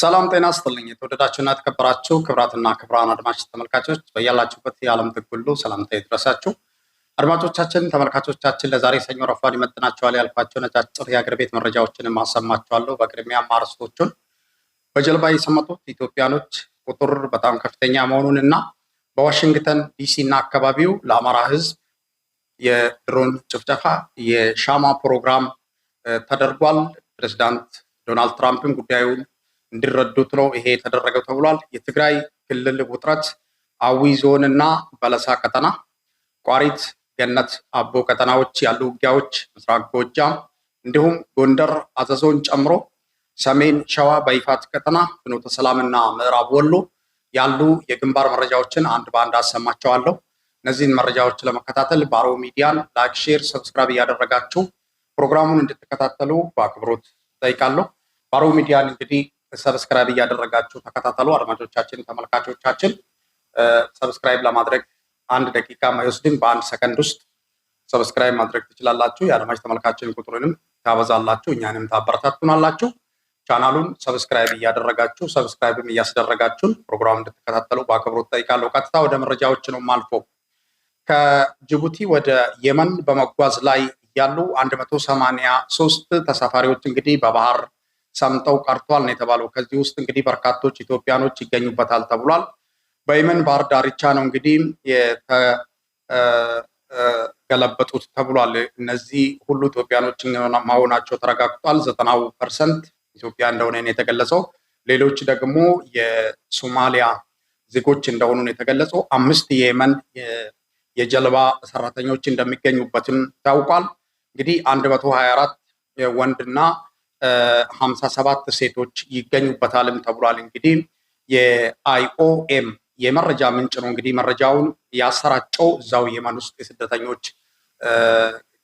ሰላም ጤና ስጥልኝ። የተወደዳችሁና የተከበራችሁ ክብራትና ክብራን አድማጭ ተመልካቾች በያላችሁበት የዓለም ጥግ ሁሉ ሰላምታ ይድረሳችሁ። አድማጮቻችን፣ ተመልካቾቻችን ለዛሬ ሰኞ ረፋድ ይመጥናቸዋል ያልኳቸው ነጫጭር የአገር ቤት መረጃዎችን አሰማችኋለሁ። በቅድሚያ ማርሶቹን በጀልባ የሰመጡት ኢትዮጵያኖች ቁጥር በጣም ከፍተኛ መሆኑን እና በዋሽንግተን ዲሲ እና አካባቢው ለአማራ ሕዝብ የድሮን ጭፍጨፋ የሻማ ፕሮግራም ተደርጓል። ፕሬዚዳንት ዶናልድ ትራምፕን ጉዳዩን እንዲረዱት ነው ይሄ የተደረገው ተብሏል። የትግራይ ክልል ውጥረት አዊ ዞን እና በለሳ ቀጠና፣ ቋሪት፣ ገነት አቦ ቀጠናዎች ያሉ ውጊያዎች፣ ምስራቅ ጎጃም እንዲሁም ጎንደር አዘዞን ጨምሮ ሰሜን ሸዋ በይፋት ቀጠና፣ ፍኖተ ሰላም እና ምዕራብ ወሎ ያሉ የግንባር መረጃዎችን አንድ በአንድ አሰማቸዋለሁ። እነዚህን መረጃዎች ለመከታተል ባሮ ሚዲያን ላይክ፣ ሼር፣ ሰብስክራይብ እያደረጋችሁ ፕሮግራሙን እንድትከታተሉ በአክብሮት እጠይቃለሁ። ባሮ ሚዲያን እንግዲህ ሰብስክራይብ እያደረጋችሁ ተከታተሉ። አድማጮቻችን፣ ተመልካቾቻችን ሰብስክራይብ ለማድረግ አንድ ደቂቃ ማይወስድም በአንድ ሰከንድ ውስጥ ሰብስክራይብ ማድረግ ትችላላችሁ። የአድማጭ ተመልካችን ቁጥሩንም ታበዛላችሁ፣ እኛንም ታበረታቱናላችሁ። ቻናሉን ሰብስክራይብ እያደረጋችሁ ሰብስክራይብም እያስደረጋችሁን ፕሮግራም እንድትከታተሉ በአክብሮት ጠይቃለሁ። ቀጥታ ወደ መረጃዎች ነው አልፎ ከጅቡቲ ወደ የመን በመጓዝ ላይ ያሉ 183 ተሳፋሪዎች እንግዲህ በባህር ሰምጠው ቀርቷል ነው የተባለው። ከዚህ ውስጥ እንግዲህ በርካቶች ኢትዮጵያኖች ይገኙበታል ተብሏል። በየመን ባህር ዳርቻ ነው እንግዲህ የተገለበጡት ተብሏል። እነዚህ ሁሉ ኢትዮጵያኖች መሆናቸው ተረጋግጧል። ዘጠናው ፐርሰንት ኢትዮጵያ እንደሆነ የተገለጸው፣ ሌሎች ደግሞ የሶማሊያ ዜጎች እንደሆኑ የተገለጸው። አምስት የየመን የጀልባ ሰራተኞች እንደሚገኙበትም ታውቋል። እንግዲህ አንድ መቶ ሀያ አራት ወንድና ሀምሳ ሰባት ሴቶች ይገኙበታልም ተብሏል። እንግዲህ የአይኦኤም የመረጃ ምንጭ ነው እንግዲህ መረጃውን ያሰራጨው እዛው የመን ውስጥ የስደተኞች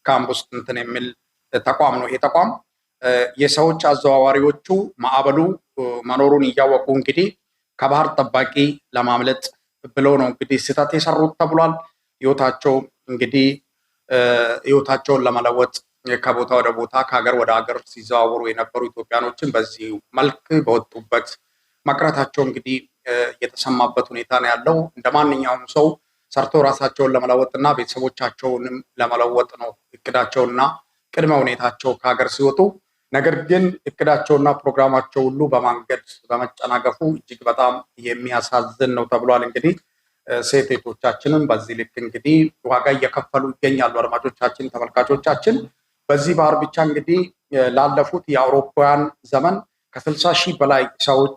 ካምፕ ውስጥ እንትን የሚል ተቋም ነው። ይሄ ተቋም የሰዎች አዘዋዋሪዎቹ ማዕበሉ መኖሩን እያወቁ እንግዲህ ከባህር ጠባቂ ለማምለጥ ብለው ነው እንግዲህ ስህተት የሰሩት ተብሏል። ህይወታቸው እንግዲህ ህይወታቸውን ለመለወጥ ከቦታ ወደ ቦታ ከሀገር ወደ ሀገር ሲዘዋወሩ የነበሩ ኢትዮጵያኖችን በዚህ መልክ በወጡበት መቅረታቸው እንግዲህ የተሰማበት ሁኔታ ነው ያለው። እንደ ማንኛውም ሰው ሰርቶ ራሳቸውን ለመለወጥና ቤተሰቦቻቸውንም ለመለወጥ ነው እቅዳቸውና ቅድመ ሁኔታቸው ከሀገር ሲወጡ። ነገር ግን እቅዳቸውና ፕሮግራማቸው ሁሉ በማንገድ በመጨናገፉ እጅግ በጣም የሚያሳዝን ነው ተብሏል። እንግዲህ ሴቶቻችንም በዚህ ልክ እንግዲህ ዋጋ እየከፈሉ ይገኛሉ። አድማጮቻችን፣ ተመልካቾቻችን በዚህ ባህር ብቻ እንግዲህ ላለፉት የአውሮፓውያን ዘመን ከስልሳ ሺህ በላይ ሰዎች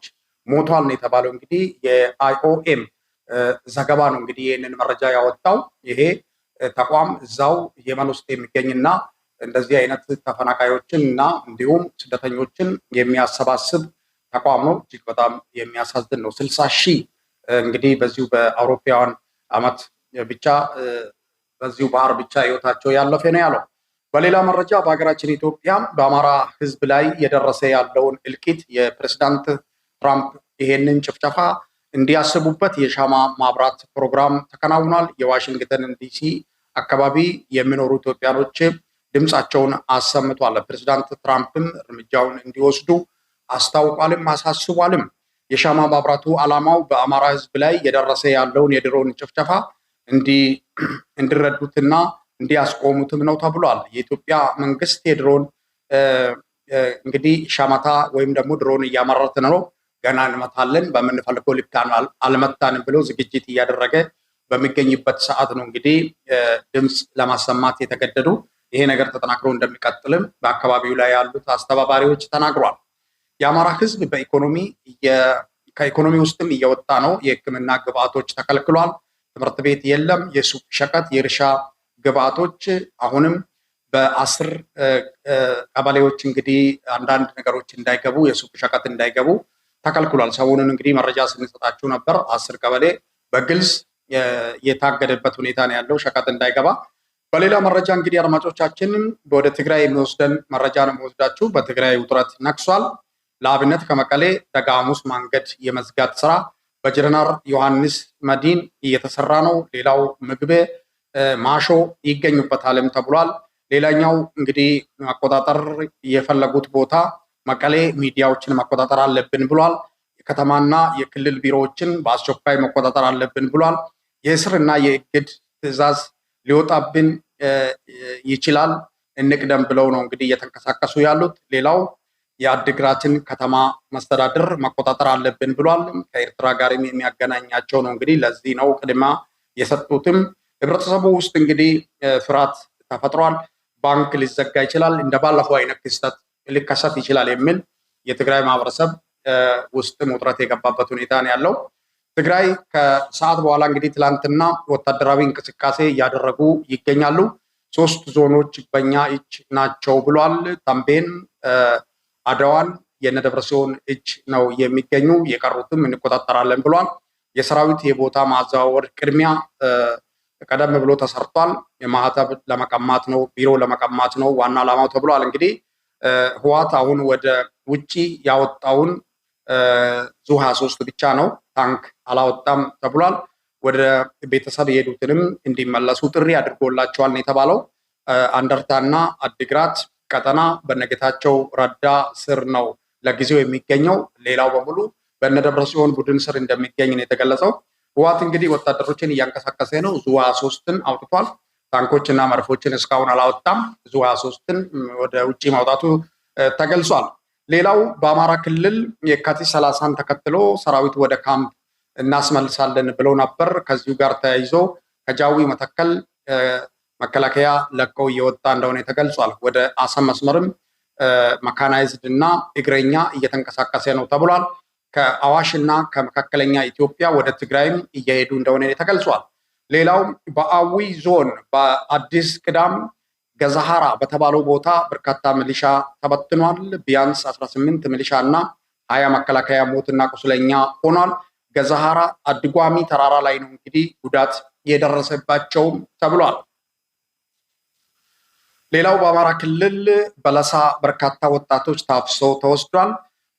ሞቷል ነው የተባለው። እንግዲህ የአይኦኤም ዘገባ ነው እንግዲህ ይህንን መረጃ ያወጣው። ይሄ ተቋም እዛው የመን ውስጥ የሚገኝና እንደዚህ አይነት ተፈናቃዮችን እና እንዲሁም ስደተኞችን የሚያሰባስብ ተቋም ነው። እጅግ በጣም የሚያሳዝን ነው። ስልሳ ሺህ እንግዲህ በዚሁ በአውሮፓውያን አመት ብቻ በዚሁ ባህር ብቻ ህይወታቸው ያለፈ ነው ያለው። በሌላ መረጃ በሀገራችን ኢትዮጵያ በአማራ ህዝብ ላይ የደረሰ ያለውን እልቂት የፕሬዝዳንት ትራምፕ ይሄንን ጭፍጨፋ እንዲያስቡበት የሻማ ማብራት ፕሮግራም ተከናውኗል። የዋሽንግተን ዲሲ አካባቢ የሚኖሩ ኢትዮጵያኖች ድምፃቸውን አሰምቷል። ፕሬዝዳንት ትራምፕም እርምጃውን እንዲወስዱ አስታውቋልም አሳስቧልም። የሻማ ማብራቱ ዓላማው በአማራ ህዝብ ላይ የደረሰ ያለውን የድሮን ጭፍጨፋ እንዲረዱትና እንዲያስቆሙትም ነው ተብሏል። የኢትዮጵያ መንግስት የድሮን እንግዲህ ሸመታ ወይም ደግሞ ድሮን እያመረትን ነው ገና እንመታለን በምንፈልገው ልክ አልመታንም ብሎ ዝግጅት እያደረገ በሚገኝበት ሰዓት ነው እንግዲህ ድምፅ ለማሰማት የተገደዱ። ይሄ ነገር ተጠናክሮ እንደሚቀጥልም በአካባቢው ላይ ያሉት አስተባባሪዎች ተናግሯል። የአማራ ህዝብ በኢኮኖሚ ከኢኮኖሚ ውስጥም እየወጣ ነው። የህክምና ግብአቶች ተከልክሏል። ትምህርት ቤት የለም። የሱቅ ሸቀጥ፣ የእርሻ ግብአቶች አሁንም በአስር ቀበሌዎች እንግዲህ አንዳንድ ነገሮች እንዳይገቡ የሱቅ ሸቀጥ እንዳይገቡ ተከልክሏል። ሰሞኑን እንግዲህ መረጃ ስንሰጣችሁ ነበር። አስር ቀበሌ በግልጽ የታገደበት ሁኔታ ነው ያለው ሸቀጥ እንዳይገባ። በሌላ መረጃ እንግዲህ አድማጮቻችን ወደ ትግራይ የሚወስደን መረጃ ነው መወስዳችሁ። በትግራይ ውጥረት ነግሷል። ለአብነት ከመቀሌ ደጋሙስ መንገድ የመዝጋት ስራ በጀነራል ዮሐንስ መዲን እየተሰራ ነው። ሌላው ምግቤ ማሾ ይገኙበታልም ተብሏል። ሌላኛው እንግዲህ መቆጣጠር የፈለጉት ቦታ መቀሌ ሚዲያዎችን መቆጣጠር አለብን ብሏል። የከተማና የክልል ቢሮዎችን በአስቸኳይ መቆጣጠር አለብን ብሏል። የእስር እና የእግድ ትዕዛዝ ሊወጣብን ይችላል እንቅደም ብለው ነው እንግዲህ እየተንቀሳቀሱ ያሉት። ሌላው የአድግራችን ከተማ መስተዳድር መቆጣጠር አለብን ብሏል። ከኤርትራ ጋርም የሚያገናኛቸው ነው እንግዲህ ለዚህ ነው ቅድማ የሰጡትም ህብረተሰቡ ውስጥ እንግዲህ ፍርሃት ተፈጥሯል። ባንክ ሊዘጋ ይችላል፣ እንደ ባለፈው አይነት ክስተት ሊከሰት ይችላል የሚል የትግራይ ማህበረሰብ ውስጥም ውጥረት የገባበት ሁኔታ ነው ያለው። ትግራይ ከሰዓት በኋላ እንግዲህ ትላንትና ወታደራዊ እንቅስቃሴ እያደረጉ ይገኛሉ። ሶስት ዞኖች በኛ እጅ ናቸው ብሏል። ታምቤን፣ አድዋን የነደብረ ሲሆን እጅ ነው የሚገኙ የቀሩትም እንቆጣጠራለን ብሏል። የሰራዊት የቦታ ማዘዋወር ቅድሚያ ቀደም ብሎ ተሰርቷል። የማህተብ ለመቀማት ነው፣ ቢሮ ለመቀማት ነው ዋና ዓላማው ተብሏል። እንግዲህ ህዋት አሁን ወደ ውጪ ያወጣውን ዙ ሶስት ብቻ ነው፣ ታንክ አላወጣም ተብሏል። ወደ ቤተሰብ የሄዱትንም እንዲመለሱ ጥሪ አድርጎላቸዋል ነው የተባለው። አንደርታና አድግራት ቀጠና በነገታቸው ረዳ ስር ነው ለጊዜው የሚገኘው። ሌላው በሙሉ በነደብረ ሲሆን ቡድን ስር እንደሚገኝ ነው የተገለጸው። ዋት እንግዲህ ወታደሮችን እያንቀሳቀሰ ነው። ዙ ሀያ ሶስትን አውጥቷል። ታንኮችና መርፎችን እስካሁን አላወጣም። ዙ ሀያ ሶስትን ወደ ውጭ ማውጣቱ ተገልጿል። ሌላው በአማራ ክልል የካቲት ሰላሳን ተከትሎ ሰራዊት ወደ ካምፕ እናስመልሳለን ብለው ነበር። ከዚሁ ጋር ተያይዞ ከጃዊ መተከል መከላከያ ለቀው እየወጣ እንደሆነ ተገልጿል። ወደ አሰብ መስመርም መካናይዝድ እና እግረኛ እየተንቀሳቀሰ ነው ተብሏል። ከአዋሽና ከመካከለኛ ኢትዮጵያ ወደ ትግራይም እየሄዱ እንደሆነ ተገልጿል። ሌላው በአዊ ዞን በአዲስ ቅዳም ገዛሃራ በተባለው ቦታ በርካታ ሚሊሻ ተበትኗል። ቢያንስ 18 ሚሊሻ እና ሀያ መከላከያ ሞትና ቁስለኛ ሆኗል። ገዛሃራ አድጓሚ ተራራ ላይ ነው እንግዲህ ጉዳት የደረሰባቸውም ተብሏል። ሌላው በአማራ ክልል በለሳ በርካታ ወጣቶች ታፍሶ ተወስዷል።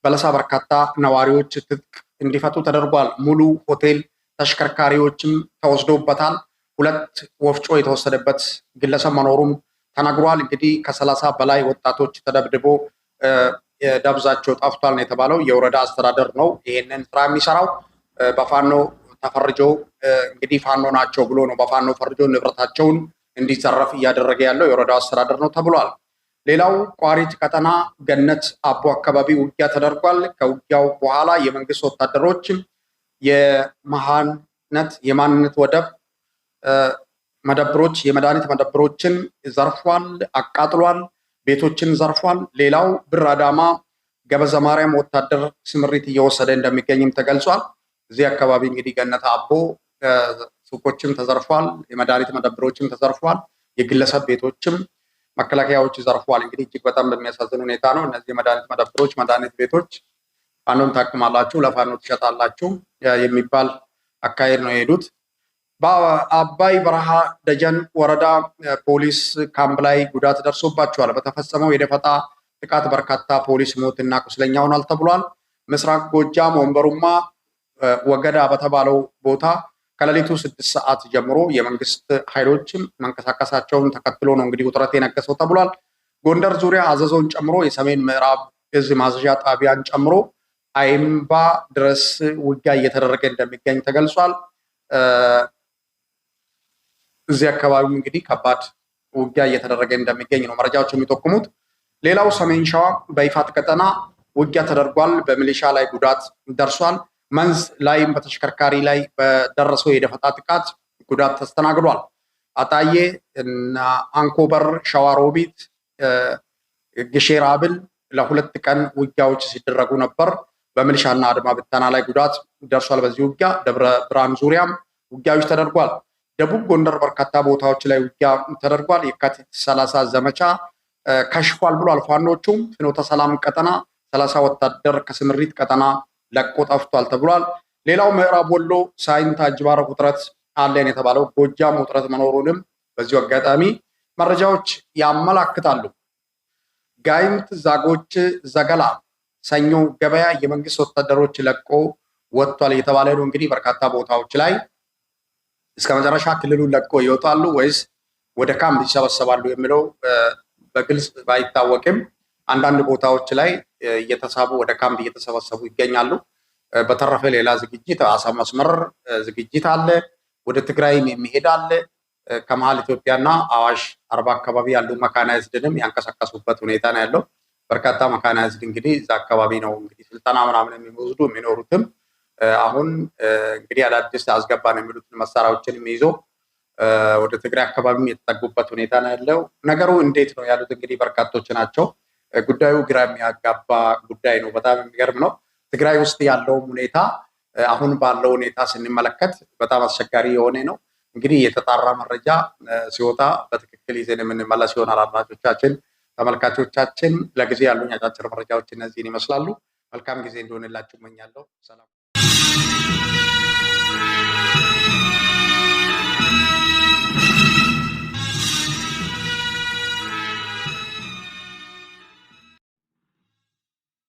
በለሳ በርካታ ነዋሪዎች ትጥቅ እንዲፈቱ ተደርጓል። ሙሉ ሆቴል ተሽከርካሪዎችም ተወስዶበታል። ሁለት ወፍጮ የተወሰደበት ግለሰብ መኖሩም ተነግሯል። እንግዲህ ከሰላሳ በላይ ወጣቶች ተደብድቦ ደብዛቸው ጠፍቷል ነው የተባለው። የወረዳ አስተዳደር ነው ይሄንን ስራ የሚሰራው በፋኖ ተፈርጆ እንግዲህ ፋኖ ናቸው ብሎ ነው በፋኖ ፈርጆ ንብረታቸውን እንዲዘረፍ እያደረገ ያለው የወረዳው አስተዳደር ነው ተብሏል። ሌላው ቋሪት ቀጠና ገነት አቦ አካባቢ ውጊያ ተደርጓል። ከውጊያው በኋላ የመንግስት ወታደሮች የመሃነት የማንነት ወደብ መደብሮች የመድኃኒት መደብሮችን ዘርፏል፣ አቃጥሏል፣ ቤቶችን ዘርፏል። ሌላው ብር አዳማ ገበዘ ማርያም ወታደር ስምሪት እየወሰደ እንደሚገኝም ተገልጿል። እዚህ አካባቢ እንግዲህ ገነት አቦ ሱቆችም ተዘርፏል፣ የመድኃኒት መደብሮችም ተዘርፏል፣ የግለሰብ ቤቶችም መከላከያዎች ዘርፏል። እንግዲህ እጅግ በጣም በሚያሳዝን ሁኔታ ነው። እነዚህ የመድኃኒት መደብሮች፣ መድኃኒት ቤቶች ፋኖን ታክማላችሁ፣ ለፋኖ ትሸጣላችሁ የሚባል አካሄድ ነው የሄዱት። በአባይ በረሃ ደጀን ወረዳ ፖሊስ ካምፕ ላይ ጉዳት ደርሶባቸዋል። በተፈጸመው የደፈጣ ጥቃት በርካታ ፖሊስ ሞት እና ቁስለኛ ሆኗል ተብሏል። ምስራቅ ጎጃም ወንበሩማ ወገዳ በተባለው ቦታ ከሌሊቱ ስድስት ሰዓት ጀምሮ የመንግስት ኃይሎችም መንቀሳቀሳቸውን ተከትሎ ነው እንግዲህ ውጥረት የነገሰው ተብሏል። ጎንደር ዙሪያ አዘዞን ጨምሮ የሰሜን ምዕራብ እዝ ማዘዣ ጣቢያን ጨምሮ አይምባ ድረስ ውጊያ እየተደረገ እንደሚገኝ ተገልጿል። እዚህ አካባቢም እንግዲህ ከባድ ውጊያ እየተደረገ እንደሚገኝ ነው መረጃዎች የሚጠቁሙት። ሌላው ሰሜን ሸዋ በይፋት ቀጠና ውጊያ ተደርጓል። በሚሊሻ ላይ ጉዳት ደርሷል። መንዝ ላይም በተሽከርካሪ ላይ በደረሰው የደፈጣ ጥቃት ጉዳት ተስተናግዷል። አጣዬ እና አንኮበር፣ ሸዋሮቢት፣ ግሼራብል ለሁለት ቀን ውጊያዎች ሲደረጉ ነበር። በምልሻና አድማ ብተና ላይ ጉዳት ደርሷል። በዚህ ውጊያ ደብረ ብርሃን ዙሪያም ውጊያዎች ተደርጓል። ደቡብ ጎንደር በርካታ ቦታዎች ላይ ውጊያ ተደርጓል። የካቲት ሰላሳ ዘመቻ ከሽፏል ብሏል ፋኖቹም። ፍኖተ ሰላም ቀጠና ሰላሳ ወታደር ከስምሪት ቀጠና ለቆ ጠፍቷል ተብሏል። ሌላው ምዕራብ ወሎ ሳይንት አጅባረቅ ውጥረት አለን የተባለው ጎጃም ውጥረት መኖሩንም በዚሁ አጋጣሚ መረጃዎች ያመላክታሉ። ጋይንት፣ ዛጎች፣ ዘገላ፣ ሰኞ ገበያ የመንግስት ወታደሮች ለቆ ወጥቷል እየተባለ ነው። እንግዲህ በርካታ ቦታዎች ላይ እስከ መጨረሻ ክልሉን ለቆ ይወጣሉ ወይስ ወደ ካምፕ ይሰበሰባሉ የሚለው በግልጽ ባይታወቅም አንዳንድ ቦታዎች ላይ እየተሳቡ ወደ ካምፕ እየተሰበሰቡ ይገኛሉ። በተረፈ ሌላ ዝግጅት አሳ መስመር ዝግጅት አለ። ወደ ትግራይም የሚሄድ አለ። ከመሀል ኢትዮጵያና አዋሽ አርባ አካባቢ ያሉ መካናይዝድንም ያንቀሳቀሱበት ሁኔታ ነው ያለው። በርካታ መካናይዝድ እንግዲህ እዛ አካባቢ ነው እንግዲህ ስልጠና ምናምን የሚወስዱ የሚኖሩትም አሁን እንግዲህ አዳዲስ አስገባን የሚሉትን መሳሪያዎችን ይዞ ወደ ትግራይ አካባቢም የተጠጉበት ሁኔታ ነው ያለው። ነገሩ እንዴት ነው ያሉት እንግዲህ በርካቶች ናቸው። ጉዳዩ ግራ የሚያጋባ ጉዳይ ነው። በጣም የሚገርም ነው። ትግራይ ውስጥ ያለውም ሁኔታ አሁን ባለው ሁኔታ ስንመለከት በጣም አስቸጋሪ የሆነ ነው። እንግዲህ የተጣራ መረጃ ሲወጣ በትክክል ይዘን የምንመለስ ይሆናል። አድማጮቻችን፣ ተመልካቾቻችን ለጊዜ ያሉኝ አጫጭር መረጃዎች እነዚህን ይመስላሉ። መልካም ጊዜ እንደሆንላችሁ እመኛለሁ። ሰላም